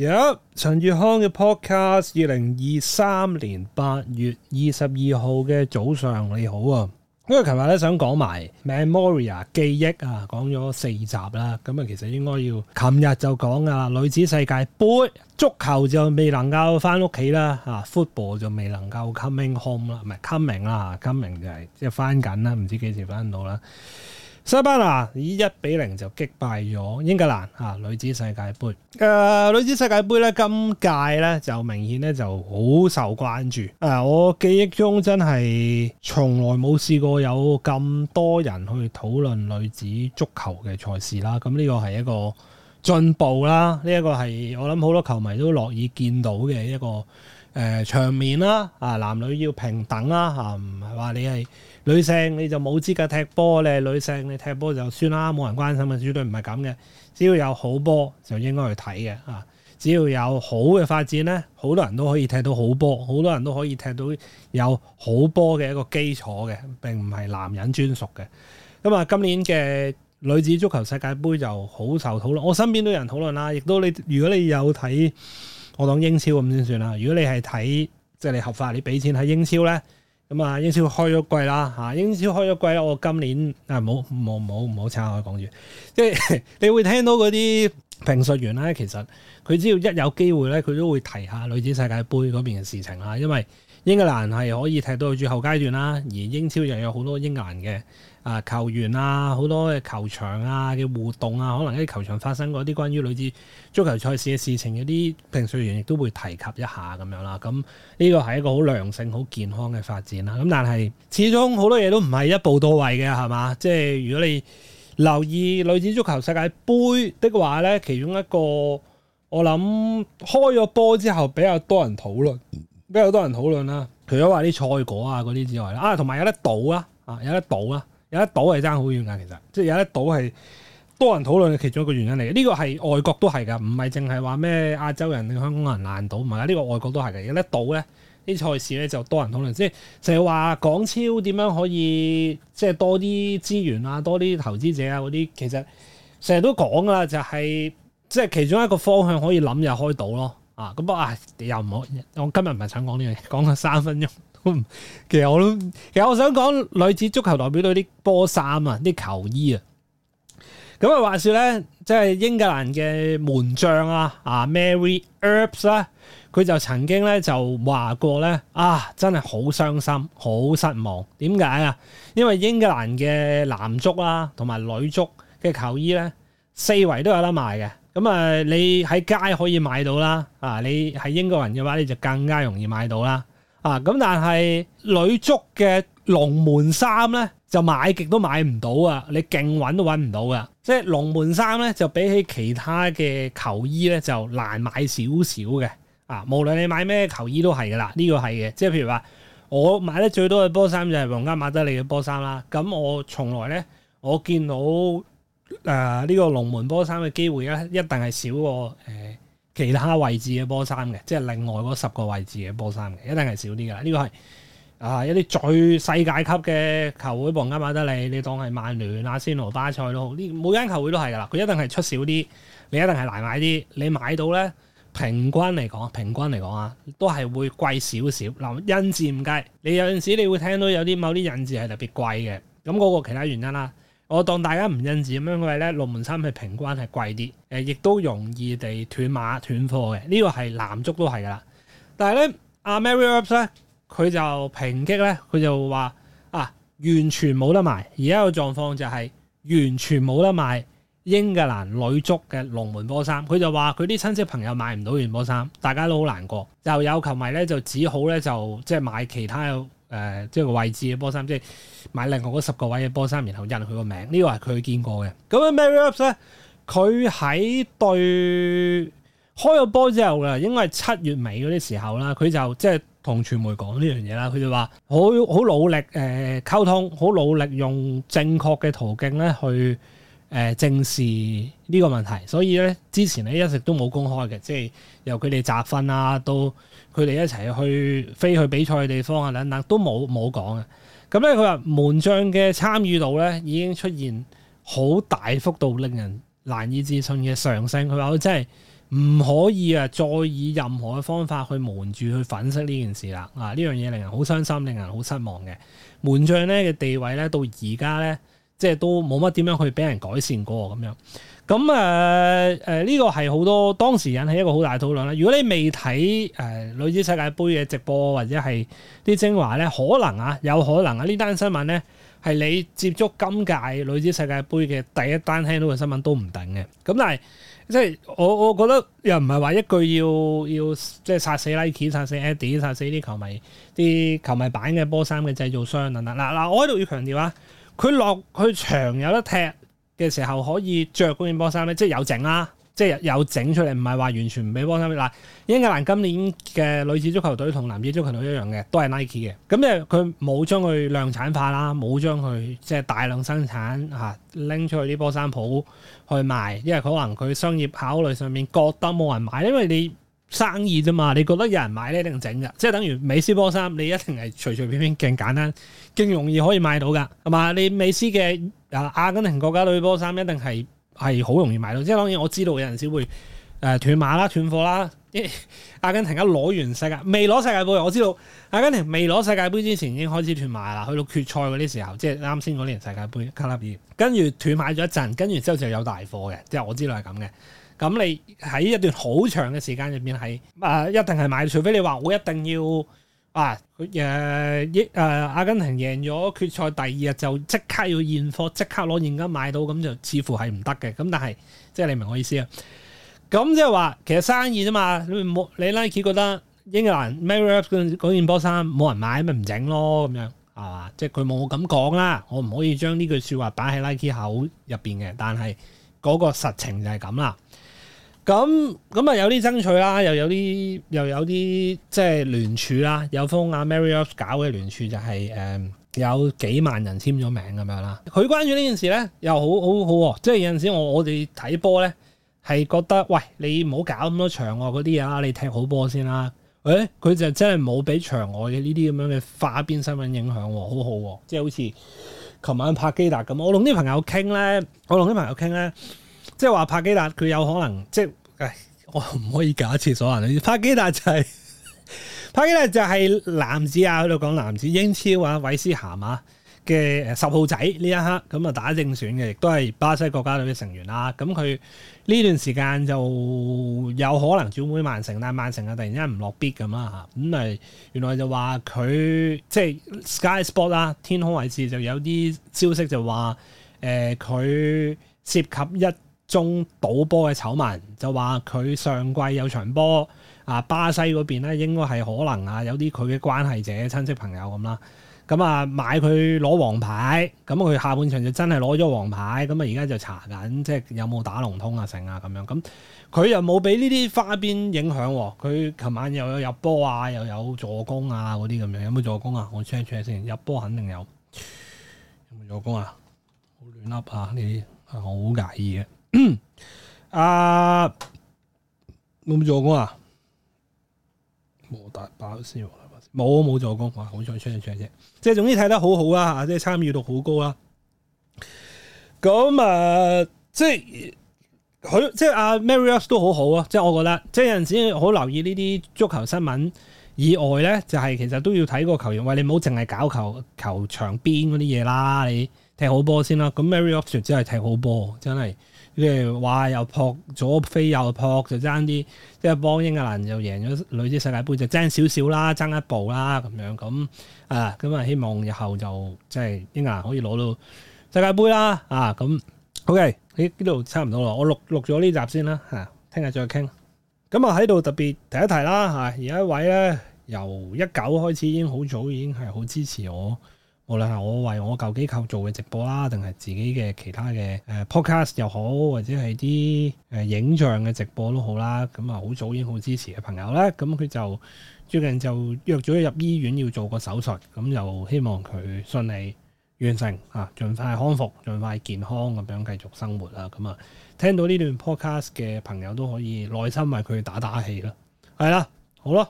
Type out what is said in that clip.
有陳月康嘅 podcast，二零二三年八月二十二號嘅早上，你好啊！因為琴日咧想講埋 Memoria 記憶啊，講咗四集啦，咁啊其實應該要琴日就講啊女子世界杯足球就未能夠翻屋企啦，Football 就未能夠 coming home 啦，啊，唔係 coming 啦，coming 就係、是、即係翻緊啦，唔知幾時翻到啦。西班牙以一比零就擊敗咗英格蘭、啊、女子世界盃。誒、呃，女子世界盃咧今屆咧就明顯咧就好受關注。誒、呃，我記憶中真係從來冇試過有咁多人去討論女子足球嘅賽事啦。咁呢個係一個進步啦，呢、這、一個係我諗好多球迷都樂意見到嘅一個。誒、呃、場面啦、啊，啊男女要平等啦、啊，嚇唔係話你係女性你就冇資格踢波，你係女性你踢波就算啦，冇人關心嘅，絕對唔係咁嘅。只要有好波就應該去睇嘅、啊，只要有好嘅發展呢，好多人都可以踢到好波，好多人都可以踢到有好波嘅一個基礎嘅，並唔係男人專屬嘅。咁啊，今年嘅女子足球世界盃就好受討論，我身邊都有人討論啦、啊，亦都你如果你有睇。我講英超咁先算啦，如果你係睇即係你合法，你俾錢喺英超咧，咁啊英超開咗季啦吓，英超開咗季啦，我今年啊唔好唔好唔好唔好差我講住，即係、就是、你會聽到嗰啲評述員咧，其實佢只要一有機會咧，佢都會提下女子世界盃嗰邊嘅事情啦，因為。英格蘭係可以踢到去最後階段啦，而英超又有好多英格蘭嘅啊球員啊，好多嘅球場啊嘅互動啊，可能喺球場發生過啲關於女子足球賽事嘅事情，嗰啲評述員亦都會提及一下咁樣啦。咁呢個係一個好良性、好健康嘅發展啦。咁但係始終好多嘢都唔係一步到位嘅，係嘛？即係如果你留意女子足球世界杯的話呢，其中一個我諗開咗波之後比較多人討論。比較多人討論啦，除咗話啲賽果啊嗰啲之外啦，啊同埋有得賭啊有得賭啊，有得賭係爭好遠噶，其實即係有得賭係多人討論嘅其中一個原因嚟嘅。呢、這個係外國都係噶，唔係淨係話咩亞洲人、香港人爛賭，唔係啊，呢、這個外國都係嘅。有得賭咧，啲賽事咧就多人討論，即係成日話港超點樣可以即係、就是、多啲資源啊，多啲投資者啊嗰啲，其實成日都講噶、就是，就係即係其中一個方向可以諗入開賭咯。啊，咁啊，你又唔好，我今日唔係想講呢樣嘢，講咗三分鐘，其實我都，其實我想講女子足球代表隊啲波衫啊，啲球衣啊，咁啊，話說咧，即係英格蘭嘅門將啊，啊 Mary Earps 咧，佢就曾經咧就話過咧，啊，真係好傷心，好失望，點解啊？因為英格蘭嘅男足啦，同埋女足嘅球衣咧，四圍都有得賣嘅。咁啊、嗯，你喺街可以買到啦，啊！你係英國人嘅話，你就更加容易買到啦，啊！咁但係女足嘅龍門衫咧，就買極都買唔到啊！你勁搵都搵唔到噶，即係龍門衫咧，就比起其他嘅球衣咧，就難買少少嘅，啊！無論你買咩球衣都係噶啦，呢、呢個係嘅。即係譬如話，我買得最多嘅波衫就係皇家馬德里嘅波衫啦。咁我從來咧，我見到啊！呢、呃呢個龍門波衫嘅機會咧，一定係少過、呃、其他位置嘅波衫嘅，即係另外嗰十個位置嘅波衫嘅，一定係少啲㗎喇。呢個係啊、呃、一啲最世界級嘅球會，皇家馬德里，你當係曼聯、阿仙奴、巴塞都好，呢每間球會都係噶啦，佢一定係出少啲，你一定係難買啲，你買到咧，平均嚟講，平均嚟講啊，都係會貴少少。嗱、呃，印字唔計，你有陣時你會聽到有啲某啲印字係特別貴嘅，咁嗰個其他原因啦。我當大家唔認字咁樣，因為咧龍門衫係平均係貴啲，亦都容易地斷碼斷貨嘅。呢個係男足都係㗎喇，但係咧阿 Mary Earps 咧佢就抨擊咧，佢就話啊完全冇得賣，而家個狀況就係、是、完全冇得賣。英格蘭女足嘅龍門波衫，佢就話佢啲親戚朋友買唔到龍門波衫，大家都好難過。又有球迷咧就只好咧就即係買其他。誒、呃，即係個位置嘅波衫，即係買另外嗰十個位嘅波衫，然後印佢，這個名，呢個係佢見過嘅。咁啊，Mary Earps 咧，佢喺對開咗波之後嘅，應該係七月尾嗰啲時候啦，佢就即係同傳媒講呢樣嘢啦。佢就話：好好努力誒溝，呃、通，好努力用正確嘅途徑咧去。誒、呃、正視呢個問題，所以咧之前咧一直都冇公開嘅，即係由佢哋集訓啦、啊，到佢哋一齊去飛去比賽嘅地方啊等等，都冇冇講嘅。咁咧佢話門將嘅參與度咧已經出現好大幅度令人難以置信嘅上升。佢話我真係唔可以啊再以任何嘅方法去瞞住去粉飾呢件事啦。嗱，呢樣嘢令人好傷心，令人好失望嘅。門將咧嘅地位咧到而家咧，即係都冇乜點樣去俾人改善過咁樣，咁誒誒呢個係好多當時引起一個好大討論啦。如果你未睇誒女子世界盃嘅直播或者係啲精華呢，可能啊，有可能啊，呢單新聞呢，係你接觸今屆女子世界盃嘅第一單聽到嘅新聞都唔定嘅。咁但係即係我我覺得又唔係話一句要要即係殺死 Nike、殺死 Adidas、殺死啲球迷、啲球，球迷版嘅波衫嘅製造商等等嗱嗱，呃，我喺度要強調啊！佢落去場有得踢嘅時候，可以著嗰件波衫咧，即係有整啦，即係有整出嚟，唔係話完全唔俾波衫。嗱，英格蘭今年嘅女子足球隊同男子足球隊一樣嘅，都係 Nike 嘅。咁即係佢冇將佢量產化啦，冇將佢即係大量生產嚇拎出去啲波衫鋪去賣，因為可能佢商業考慮上面覺得冇人買，因為你生意啫嘛，你覺得有人買呢，一定整㗎，即係等於美斯波衫，你一定係隨隨便便勁簡單、勁容易可以買到㗎，係嘛？你美斯嘅啊、呃、阿根廷國家隊波衫一定係係好容易買到的，即係當然我知道有陣時會誒、呃、斷碼啦、斷貨啦。因、哎、為阿根廷一攞完世界未攞世界盃，我知道阿根廷未攞世界盃之前已經開始斷賣啦，去到決賽嗰啲時候，即係啱先嗰年世界盃卡塔爾，跟住斷碼咗一陣，跟住之後就有大貨嘅，即係我知道係咁嘅。咁你喺一段好長嘅時間入面係、呃，一定係買，除非你話我一定要，啊佢誒、啊、阿根廷贏咗決賽第二日就即刻要現貨，即刻攞現金買到，咁就似乎係唔得嘅。咁但係即係你明我意思啊？咁即係話其實生意啫嘛，你冇你 Nike 覺得英格蘭 m a r p s 嗰件波衫冇人買，咪唔整咯，咁樣係嘛？即係佢冇咁講啦，我唔可以將呢句說話擺喺 Nike 口入面嘅，但係嗰個實情就係咁啦。咁咁啊，有啲爭取啦，又有啲又有啲即係聯署啦。有封阿 Marius 搞嘅聯署就係、是、誒、嗯、有幾萬人簽咗名咁樣啦。佢關注呢件事咧，又好好好，好哦、即係有陣時我我哋睇波咧，係覺得喂你唔好搞咁多場外嗰啲嘢啊，你踢好波先啦。誒、欸、佢就真係冇俾場外嘅呢啲咁樣嘅花邊新聞影響，好好、哦、即係好似琴晚拍基達咁。我同啲朋友傾咧，我同啲朋友傾咧。即係話帕基達佢有可能，即係我唔可以假設所有人。帕基達就係、是、帕基達就係男子啊，喺度講男子英超啊，韋斯咸啊嘅十號仔呢一刻咁啊打正選嘅，亦都係巴西國家隊嘅成員啦。咁佢呢段時間就有可能轉會曼城，但係曼城啊突然間唔落必㗎咁啦吓。咁啊原來就話佢即係 Sky Sport 啦，天空衛視就有啲消息就話誒佢涉及一。中賭波嘅醜聞，就話佢上季有場波啊，巴西嗰邊咧應該係可能啊，有啲佢嘅關係者、親戚朋友咁啦。咁啊買佢攞黃牌，咁佢下半場就真係攞咗黃牌，咁啊而家就查緊，即係有冇打龍通啊成啊咁樣。咁佢又冇俾呢啲花邊影響，佢、哦、琴晚又有入波啊，又有助攻啊嗰啲咁樣。有冇助攻啊？我 check check 先，入波肯定有，有冇助攻啊？好亂笠嚇，呢啲係好介意嘅。 啊，我有冇助攻啊？冇打爆先，冇冇助攻啊！好彩，搶一搶啫，即係總之睇得好好啦，即係參與度好高啦。咁啊，即係佢即係阿 Marius 都好好啊！即係、啊啊啊、我覺得，即係有陣時好留意呢啲足球新聞以外咧，就係、是、其實都要睇個球員，喂，你唔好淨係搞球球場邊嗰啲嘢啦，你踢好波先啦。咁 Marius 只係踢好波，真係。即係話又撲左飛又撲就爭啲，即係幫英格蘭又贏咗女子世界盃就爭少少啦，爭一步啦咁樣，咁啊，咁啊希望日後就即係、就是、英格蘭可以攞到世界盃啦啊！咁 OK 喺呢度差唔多啦，我錄錄咗呢集先啦嚇，聽、啊、日再傾。咁啊喺度特別提一提啦嚇，有、啊、一位咧由一九開始已經好早已經係好支持我。無論係我為我舊機構做嘅直播啦，定係自己嘅其他嘅誒 podcast 又好，或者係啲誒影像嘅直播都好啦。咁啊，好早已經好支持嘅朋友咧，咁佢就最近就約咗入醫院要做個手術，咁就希望佢順利完成啊，儘快康復，儘快健康咁樣繼續生活啦。咁啊，聽到呢段 podcast 嘅朋友都可以耐心為佢打打氣啦。係啦，好咯。